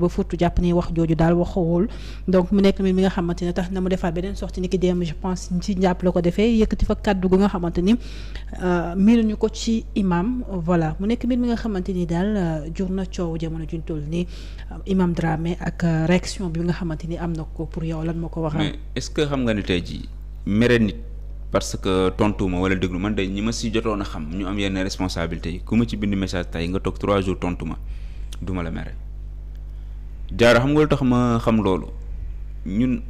ba furtu jàpp ni wax jooju daal waxawul donc mu nekk mi mi nga xamante ne tax na mu defaa beneen sortie ni ki démb je pense ci njàpp la ko defee yëkkati fa kàddu gu nga xamante ni euh, ñu ko ci imam voilà mu nekk mbir mi nga xamante ni daal euh, jur na coow jamono juñ toll ni euh, imam Dramé ak réaction bi nga xamante ni am na ko pour yow lan moo ko waxal mais est-ce que xam nga ni tey jii mere nit parce que tontu ma wala déglu man de ñi ma si jotoon a xam ñu am yenn responsabilité yi ku ci bind message tey nga trois jours tontu ma duma la mere jaara xam nga lu tax ma xam loolu ñun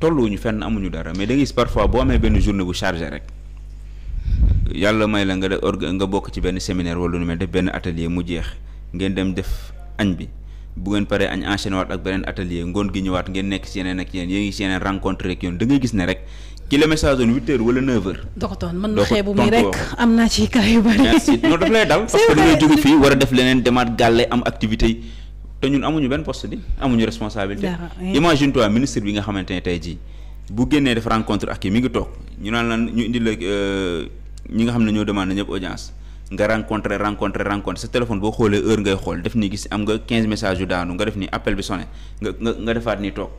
tolluwuñu fenn amuñu dara mais da ngay gis parfois boo amee benn journée bu chargé rek yàlla may la nga def nga bokk ci benn séminaire wala lu mel def benn atelier mu jeex ngeen dem def añ bi bu ngeen paree añ enchaîné waat ak beneen atelier ngoon gi ñëwaat ngeen nekk ci yeneen ak yeneen yéen ngi ci yeneen rencontre rek yoon da gis ne rek ki la message woon huit heures wala neuf heures. doxatoon mën na xeebu mi rek am naa ci cas yu bari. fii war a def leneen demaat gàlle am activité te ñun amuñu benn poste bi amuñu responsabilité. imagine toi ministre bi nga xamante ne tey jii bu génnee def rencontre ak yi mi ngi toog ñu naan la ñu indi la euh, ñi nga xam ne ñoo demandé ñëpp audience nga rencontré rencontré rencontré sa téléphone boo xoolee heure ngay xool def ni gis am nga 15 messages yu daanu nga def ni appel bi sonné nga nga defaat ni toog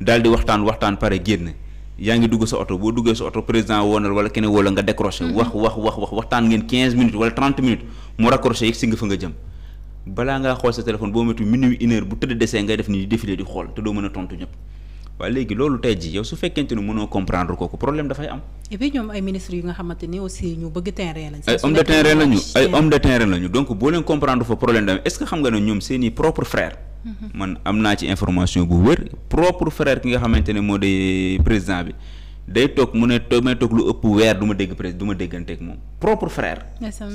daal di waxtaan waxtaan pare génn. yaa ngi dugg sa oto boo duggee sa oto président woonal wala nga décroché. Mm-hmm. wax wax wax wax waxtaan ngeen 15 minutes wala 30 minutes mu raccroché yegg si nga nga jëm. balaa ngaa xool sa téléphone boo métu minuit une bu tëdd desee ngay def ni di défilé di xool te doo mën a tontu ñëpp waaye léegi loolu tey jii yow su fekkente ni mënoo comprendre kooku problème dafay am. et ñoom ay ministres yu nga xamante ni aussi ñu bëgg terrain lañ. ay homme de terrain lañu ay homme de terrain lañu donc boo comprendre fa problème dafay est xam nga ne ñoom seeni propre frère. Mm-hmm. man am naa ci information bu wér propre frère ki nga xamante ne moo de day toog mu ne toog may toog lu ëpp weer du ma dégg président du ma déggante ak moom propre frère.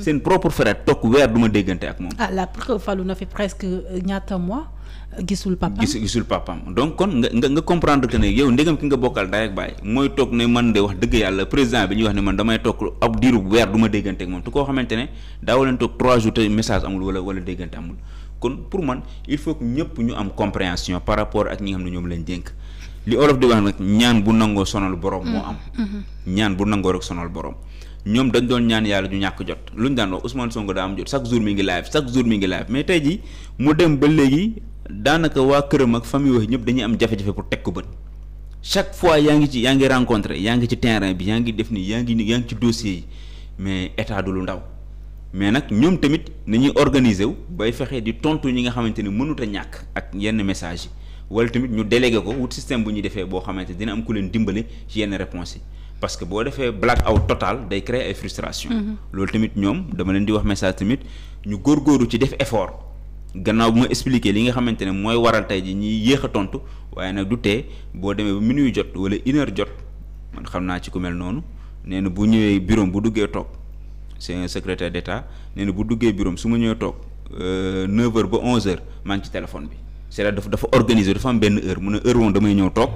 seen propre frère toog weer du ma déggante ak moom. Ah, la falu na fi presque euh, ñaata mois gisul papam gisul gisul papam donc kon nga nga nga comprendre que ne yow ndegam ki nga bokkal daay ak bàyyi mooy toog ne man de wax dëgg yàlla président bi ñuy wax ne man damay toog ab diiru weer du ma déggante ak moom te koo xamante ne daawoo leen toog trois jours te message amul wala wala déggante amul kon pour man il faut que ñëpp ñu am compréhension par rapport ak ñi nga xam ne ñoom lañ dénk. li olof di wax nag ñaan bu nangoo sonal borom moo mm-hmm. am mm-hmm. ñaan bu nangoo rek sonal borom ñoom dañ doon ñaan yàlla ñu ñàkk jot lu ñu daan wax Ousmane Sonko daa am jot chaque jour mi ngi live chaque jour mi ngi live mais tey mu dem ba léegi daanaka waa këram ak famille wax ñëpp dañuy am jafe-jafe pour teg ko bët chaque fois yaa ngi ci yaa ngi rencontré yaa ngi ci terrain bi yaa ngi def ni yaa ngi ni yaa ngi ci dossier yi mais état du lu ndaw mais nag ñoom tamit nañuy organiser wu bay fexe di tontu ñi nga xamante ni mënut a ñàkk ak yenn message yi wala tamit ñu délégué ko wut système bu ñuy defee boo xamante dina am ku leen dimbali ci yenn réponses yi parce que boo defee black out total day créer ay frustration mm-hmm. loolu tamit ñoom dama leen di wax message tamit ñu góor góorgóoru ci def effort gannaaw bu ma expliqué li nga xamante ne mooy waral tey ji ñuy yéex a tontu waaye nag du tee boo demee ba minuit jot wala une jot xam naa ci ku mel noonu nee na bu ñëwee bureau bu duggee toog c'est un secrétaire d'État nee na bu duggee bureau su ma ñëwee toog 9h euh, ba 11h maa ci téléphone bi. c'est-à-dire dafa dafa organiser dafa am benn heure mu ne heure woon damay ñëw toog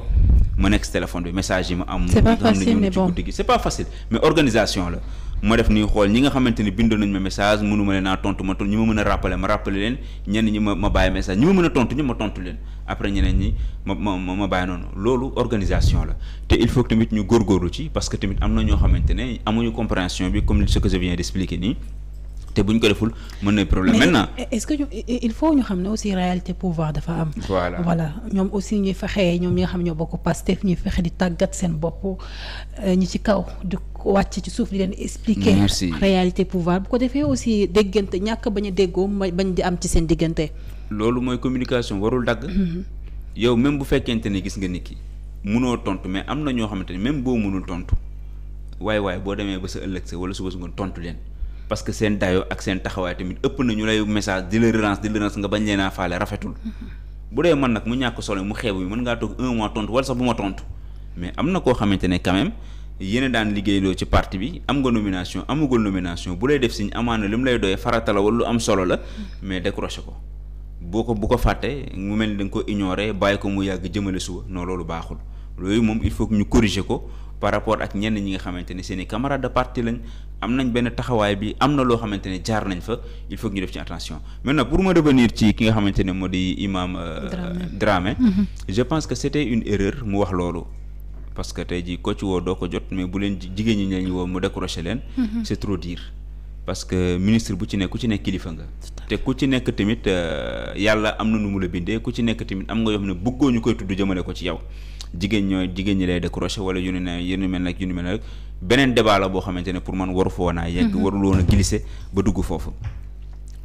ma nekk si téléphone bi message yi ma am. c'est pas facile la. ma def nii xool ñi nga xamante ni bindoon nañ ma message mënu ma leen a tontu ma tontu ñi ma mën a rappeler ma rappeler leen ñenn ñi ma ma bàyyi message ñi ma mën a tontu ñu ma tontu leen après ñeneen ñi ma ma ma bàyyi noonu loolu organisation la te il faut que tamit ñu góorgóorlu ci parce que tamit am na ñoo xamante ne amuñu compréhension bi comme ce que te buñ ko deful mën na problème maintenant est-ce que ñu il faut ñu xam ne aussi réalité pouvoir dafa am voilà ñoom aussi ñuy fexe ñoom ñi nga xam ñoo bokk Pastef ñu fexe di tàggat seen bopp euh, ñu ci kaw ko wàcc ci suuf di leen expliquer réalité pouvoir bu ko defee aussi déggante ñàkk bañ a déggoo bañ di am ci seen diggante loolu mooy communication warul dagg mhm. yow même bu fekkente ne gis nga nit ki munoo tontu mais am na ñoo xamante ne même boo munul tontu waaye waaye boo demee ba sa ëllëg sa wala suba su nga tontu leen parce que seen dayo ak seen taxawaay tamit ëpp na ñu lay message di la relance di la relance nga bañ leen a faale rafetul mm-hmm. bu dee man nag mu ñàkk solo mu xeebu bi mën ngaa toog un mois tontu wala sax bu ma tontu mais am na koo xamante ne quand même yéen a daan liggéeyloo ci parti bi am nga nomination amugul nomination bu lay def si ñu amaan amaana li mu lay doy farata la lu am solo la mm-hmm. mais décroché ko boo ko bu ko fàtte mu mel ni da nga ko ignoré bàyyi ko mu yàgg jëmale suba non loolu baaxul loolu moom il faut ñu corriger ko par rapport ak ñenn ñi nga xamante ne seen i camarades de parti lañ am nañ benn taxawaay bi am na loo xamante ne jaar nañ fa il faut ñu def ci attention na pour ma revenir ci ki nga xamante ne moo di imam euh, Dramé mhm. je pense que c'était une erreur mu wax loolu parce que tey jii ko ci woo doo ko jot mais bu leen jigéen ñi lañ woo mu décroché leen mhm. c'est trop dire parce que ministre bu ci nekk ku ci nekk kilifa nga te ku ci nekk tamit euh, yàlla am na nu mu la bindee ku ci nekk tamit am nga yoo xam ne bëggoo ñu koy tudd jëmale ko ci yow jigéen ñoo jigéen ñi lay décroché wala yu ni ne yu ni mel nag yu ni mel nag beneen débat la boo xamante ne pour man waru foo naa yegg mhm. warul woon a glissé ba dugg foofu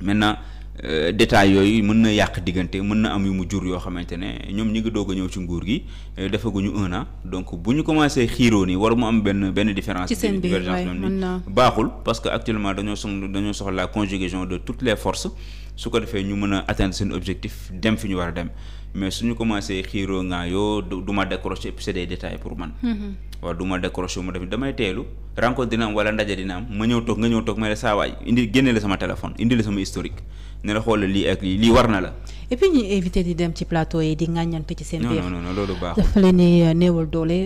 maintenant euh, détails yooyu mën na yàq diggante mën na am yu mu jur yoo xamante ne ñoom ñi ngi doog a ñëw ci nguur gi euh, defaguñu un an donc bu ñu commencé xiiroo nii war mu am benn benn différence divergence ñoom ni baaxul parce que actuellement dañoo soxla dañoo soxla la conjugaison de toutes les forces su ko defee ñu mën a atteindre seen objectif dem fi ñu war a dem mais su ñu xiiroo xiiro du ma décroché puis c'est des détails pour man mm-hmm. waaw du ma décroché mu def damay teelu rencontre dina am ndaje dina ma ñëw toog nga ñëw toog ma ne saa waay indi génne la sama téléphone indi la sama historique ne la xoolal lii ak lii war na la et puis ñuy éviter dem ci plateau yi di ŋàññante ci seen biir non non non loolu baaxul dafa leen di néewal doole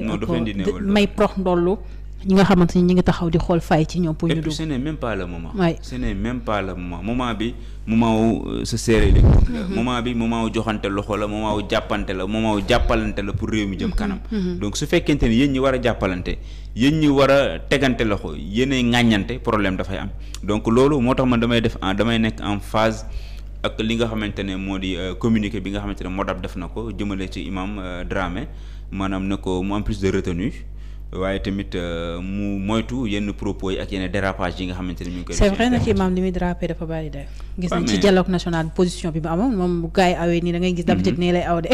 may ñi nga xamante ni ñu ngi taxaw di xool fay ci ñoom. pour ñu dugg et puis ce n'est même pas le moment. waay ce n'est même pas le moment moment bi moment wu euh, se serrer les coudes mm-hmm. moment bi moment wu joxante loxo la moment wu jàppante la moment wu jàppalante la pour réew mi jëm mm-hmm. kanam. Mm-hmm. donc su fekkente ni yéen ñi war a jàppalante yéen ñi war a tegante loxo yéenay ŋàññante problème dafay am donc loolu moo tax man damay def en damay nekk en phase. ak li nga xamante ne moo di euh, communiqué bi nga xamante ne moo dab def na ko jëmale ci imam euh, Dramé maanaam ne ko mu am plus de retenue waaye tamit euh, mu moytu yenn propos yi ak yenn dérapage yi nga xamante ni mi ngi koy. muy dérapé dafa bari de. gis nañ ci dialogue national position bi mu amoon moom bu gars yi awee nii dangay ngay gis. Mhm. d'habitude nii lay aw de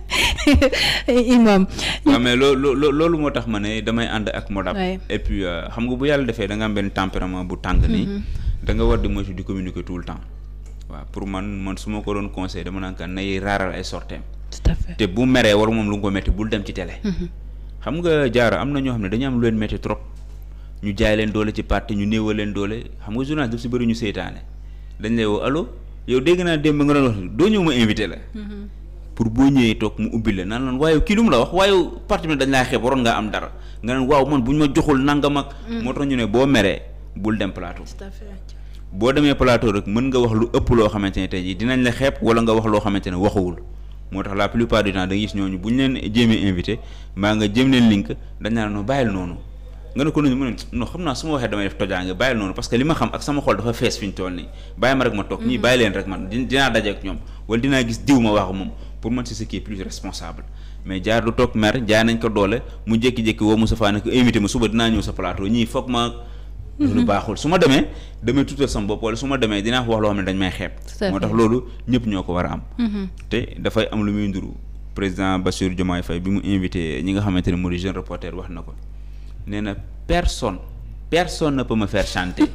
imam. waaw mais loolu loolu moo tax ma ne damay ànd ak Modap. et puis euh, xam nga bu yàlla defee da nga am benn tempérament bu tàng nii. Mhm. da nga war di moytu di communiquer tout le temps. waaw pour man man su ma ko doon conseil dama naan nay raaral ay sorteem. te bu meree war moom lu nga ko metti dem ci télé. Mhm. xam nga jaaro am na ñoo xam ne dañu am lu leen métti trop ñu jaay leen doole ci parti ñu néewal leen doole xam nga journaliste daf si bëri ñu seytaane dañ lay woo alo yow dégg naa démb nga doon wax doo ñëw ma invité la. Mm-hmm. pour boo ñëwee toog mu ubbi la naan la waaye kii la wax waaye parti bi dañ laa xeeb waroon ngaa am dara nga waaw man bu ñu ma joxul nangam ak. Mm. moo tax ñu ne boo meree bul dem plateau. boo demee plateau rek mën nga wax lu ëpp loo xamante ne tey jii dinañ la xeeb wala nga wax loo xamante ne waxuwul. moo tax la plupart du temps da nga gis ñooñu bu ñu leen jéemee invité mbaa nga jéem leen link dañ naan non bàyyil noonu nga ne ko nuñu mu ne non xam naa su ma waxee damay def tojaange bàyyil noonu parce que li ma xam ak sama xol dafa fees fi ñu toll nii bàyyi ma rek ma toog ñii mhm. bàyyi leen rek man dinaa daje ak ñoom wala dinaa gis diw ma waxu moom pour man c'est ce plus responsable mais jaar du toog mer jaay nañ ko doole mu jékki-jékki woo Moustapha ne ko suba dinaa ñëw sa plateau loolu mhm. baaxul su ma demee demee tuutal sama bopp wala su ma demee dinaa wax loo xam ne dañ may xeeb moo tax loolu ñëpp ñoo ko war a am mhm. te dafay am lu muy nduru président Bassirou Diomaye Faye bi mu invité ñi nga xamante ne moo di jeune reporter wax na ko nee na personne personne ne peut me ma chanter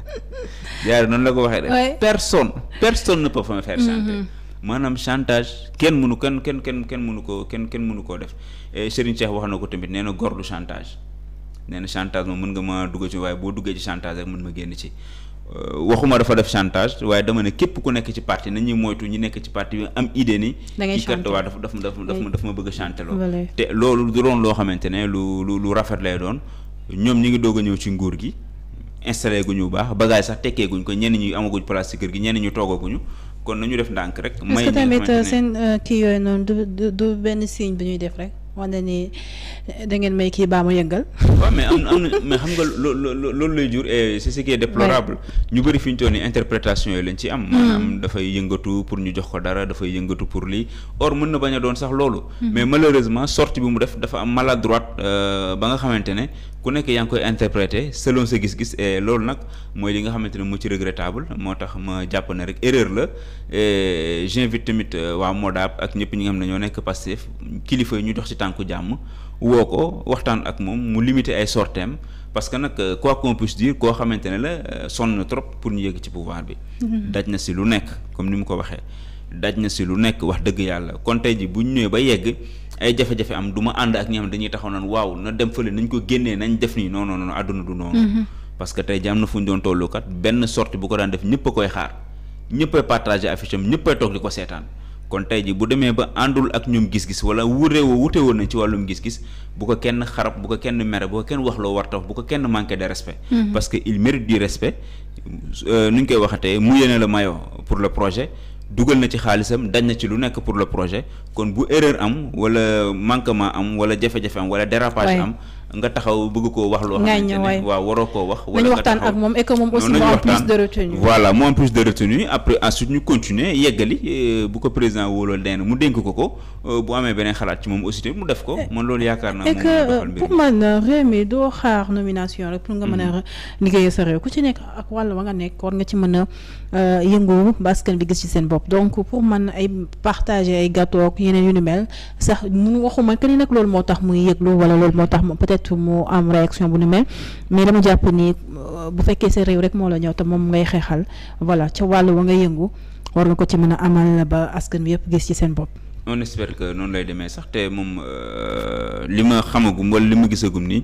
yaar noonu la ko waxee rek personne personne ne mhm. chanter maanaam chantage kenn munu kenn kenn kenn kenn mënu ko kenn kenn mënu koo def Serigne Cheikh wax na ko tamit nee na gor du chantage nee na chantage moom mën nga ma dugg ci waaye boo duggee ci chantage rek mën ma génn ci euh, waxuma dafa def chantage waaye dama ne képp ku nekk ci parti nañuy moytu ñi nekk ci parti bi am idée ni kii kat waa daf daf daf daf ma bëgg a chanté loo te loolu du doon loo xamante ne lu lu lu rafet lay doon ñoom ñi ngi doog a ñëw ci nguur gi installé guñu bu baax bagage sax tekkee guñ ko ñenn ñi amaguñ place ci kër gi ñenn ñu toogaguñu kon nañu def ndànk rek. may est-ce que tamit euh, seen euh, kii yooyu noonu du du benn signe bi ñuy def rek. wax na ni eh, da ngeen may kii baa ma yëngal. waaw mais am am mais xam nga loo loolu lay jur et c'est ce qui est déplorable. ñu bëri fi ñu ni nii interprétation yi lañ ci am. Hmm. maanaam dafay yëngatu pour ñu jox ko dara dafay yëngatu pour lii or mën na bañ a doon sax loolu. Hmm. mais malheureusement sortie bi mu def dafa am maladroite euh, ba nga xamante ne. ku nekk yaa ngi koy interpréter selon sa gis-gis et loolu nag mooy li nga xamante ne mu ci regrettable moo tax ma jàpp ne rek erreur la et j'invite tamit euh, waa Modab ak ñëpp ñi nga xam ne ñoo nekk Pastef kilifa yi ñu dox ci tànku jàmm woo ko waxtaan ak moom mu limiter ay sorteem parce que nag euh, quoi qu'on puisse koo xamante ne la euh, sonn na trop pour ñu yëg ci pouvoir bi. Mm-hmm. daj na si lu nekk comme ni mu ko waxee. daj na si lu nekk wax dëgg yàlla kon tey ji bu ñu ñëwee ba yegg. ay jafe-jafe am du ma ànd ak ñi xam dañuy taxaw naan waaw na dem fële nañ ko génnee nañ def nii non non non àdduna du noonu. Mm-hmm. parce que tey jii na fu ñu doon tollu kat benn sortie bu ko daan def ñëpp a koy xaar ñëpp a partagé affiche toog di ko seetaan. kon tey ji bu demee ba àndul ak ñoom gis-gis wala wuree woo wute woon nañ ci wàllum gis-gis bu ko kenn xarab bu ko kenn mere bu ko kenn wax loo war tax bu ko kenn manqué de respect mm-hmm. parce que il mérite du respect euh, nu koy waxatee mu yéene la maillot pour le projet dugal na ci xaalisam dañ na ci lu nekk pour le projet kon bu erreur am wala manquement am wala jafe-jafe am wala dérapage am nga taxaw bëgg koo wax loo xamante ne waaw waroo koo wax wala nañu waxtaan ak moom et que moom aussi mu am plus de retenue voilà mu am plus de retenue après ensuite ñu continuer yeggali euh, bu ko président wóolool deen mu dénk ko ko Euh, bu amee beneen xalaat ci moom aussi mu def ko eh, man loolu yaakaar naa. moom nga euh, man euh, réew mi doo xaar nomination rek pour nga mën a mm-hmm. liggéeyee sa ku ci nekk ak wàll wa nga nekk nga ci mën a yëngu ba askan bi gis ci seen bopp donc pour man ay partager ay gâteau ak yeneen yu ni mel sax mu waxuma que ni nag loolu moo tax muy yëglu wala loolu moo tax peut-être mu am réaction bu ni mel mais dama jàpp ni bu fekkee sa réew rek moo la ñëw te moom ngay xeexal voilà ci wàll wa nga yëngu war nga ko ci mën a amal ba askan bi yëpp gis ci seen bopp. on espère noonu lay demee sax te moom euh, li ma xamagum wala li ma gisagum nii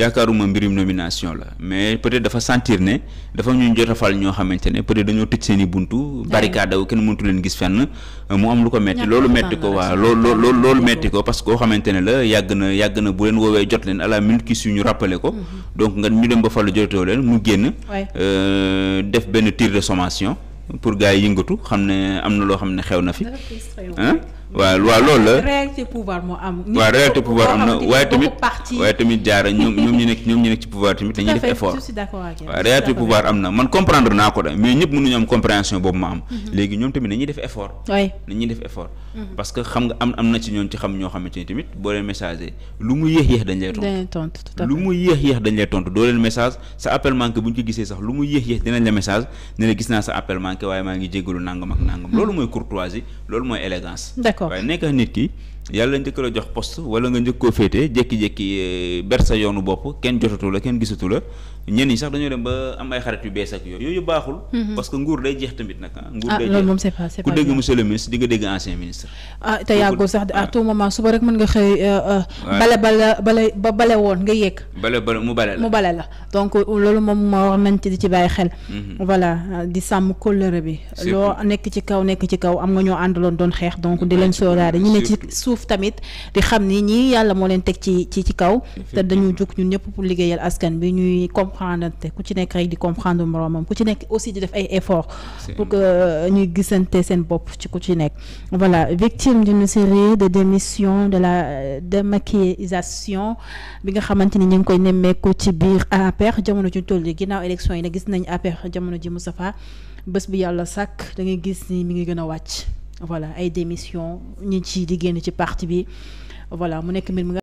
yaakaaruma mbirum nomination la mais peut-être dafa sentir ne dafa ñu jot fal ñoo xamante ne peut-être dañoo tëj seen i buntu. barricade wu kenn mëntu leen gis fenn. mu am lu ko metti loolu metti ko waa loolu loolu loolu metti ko parce que koo xamante ne la yàgg na yàgg na bu leen woowee jot leen à la minute qui suit ñu rappelé ko. Mm-hmm. donc nga ñu dem ba falu jotoo leen mu génn. Euh, def benn tir de pour gars yi yëngatu xam ne am na loo xam ne xew na fi. waaw waa loolu la réalité pouvoir moo am. waaw réalité pouvoir am na waaye tamit waaye tamit jaara ñoom ñoom ñu nekk ñoom ñu nekk ci pouvoir tamit dañuy def effort. waaw réalité pouvoir am na man comprendre naa ko de mais ñëpp mënuñu am compréhension boobu ma am. Mhm. léegi ñoom tamit dañuy def effort. oui def effort. Mhm. parce que xam nga am am na ci ñoom ci xam ñoo xamante ne tamit boo leen messager lu mu yéex yéex dañ lay tontu. lu mu yéex yéex dañ lay tontu doo leen message sa appel manqué bu ñu ko lu mu yéex yéex dinañ la message ne la gis naa ngi jégalu nangam ak nangam mhm. loolu mooy courtoisie d'accord waaye nekk nit ki yàlla njëkk la jox poste wala nga njëkk koo féete jékki-jékki eh, ber sa yoonu bopp kenn jotatu la kenn gisatu la ñenn ñi sax dañoo dem ba am ay xarit yu bees ak yooyu yooyu baaxul. Mm-hmm. parce que nguur day jeex tamit nag ah. nguur ah, day jeex ah, te yàggul sax à tout moment suba rek mën nga xëy. Euh, euh, bale bale bale ba bale mu bale la mu bale la donc loolu moom moo war nañ ci di ci bàyyi xel. Mm-hmm. voilà di sàmm kóllëre bi. loo nekk ci kaw nekk ci kaw am nga ñoo àndaloon doon xeex donc di leen sóoraale ñi ne ci suuf tamit di xam ni ñii yàlla moo leen teg ci ci kaw te dañu jug ñun ñëpp liggéeyal askan bi comprendre te ku ci nekk rek di comprendre moroomam ku ci nekk aussi di def ay effort pour que euh, ñuy gisante seen bopp ci ku ci nekk voilà victime d'une série de démission de la euh, démaquillisation bi nga xamante ni ñu ngi koy nemmeeku ci biir APR jamono ji toll yi ginnaaw élection yi nag gis nañ APR jamono ji Moustapha bés bi yàlla sàkk da ngay gis ni mi ngi gën a wàcc voilà ay démission ñi ci di ci parti bi voilà mu nekk mbir mi nga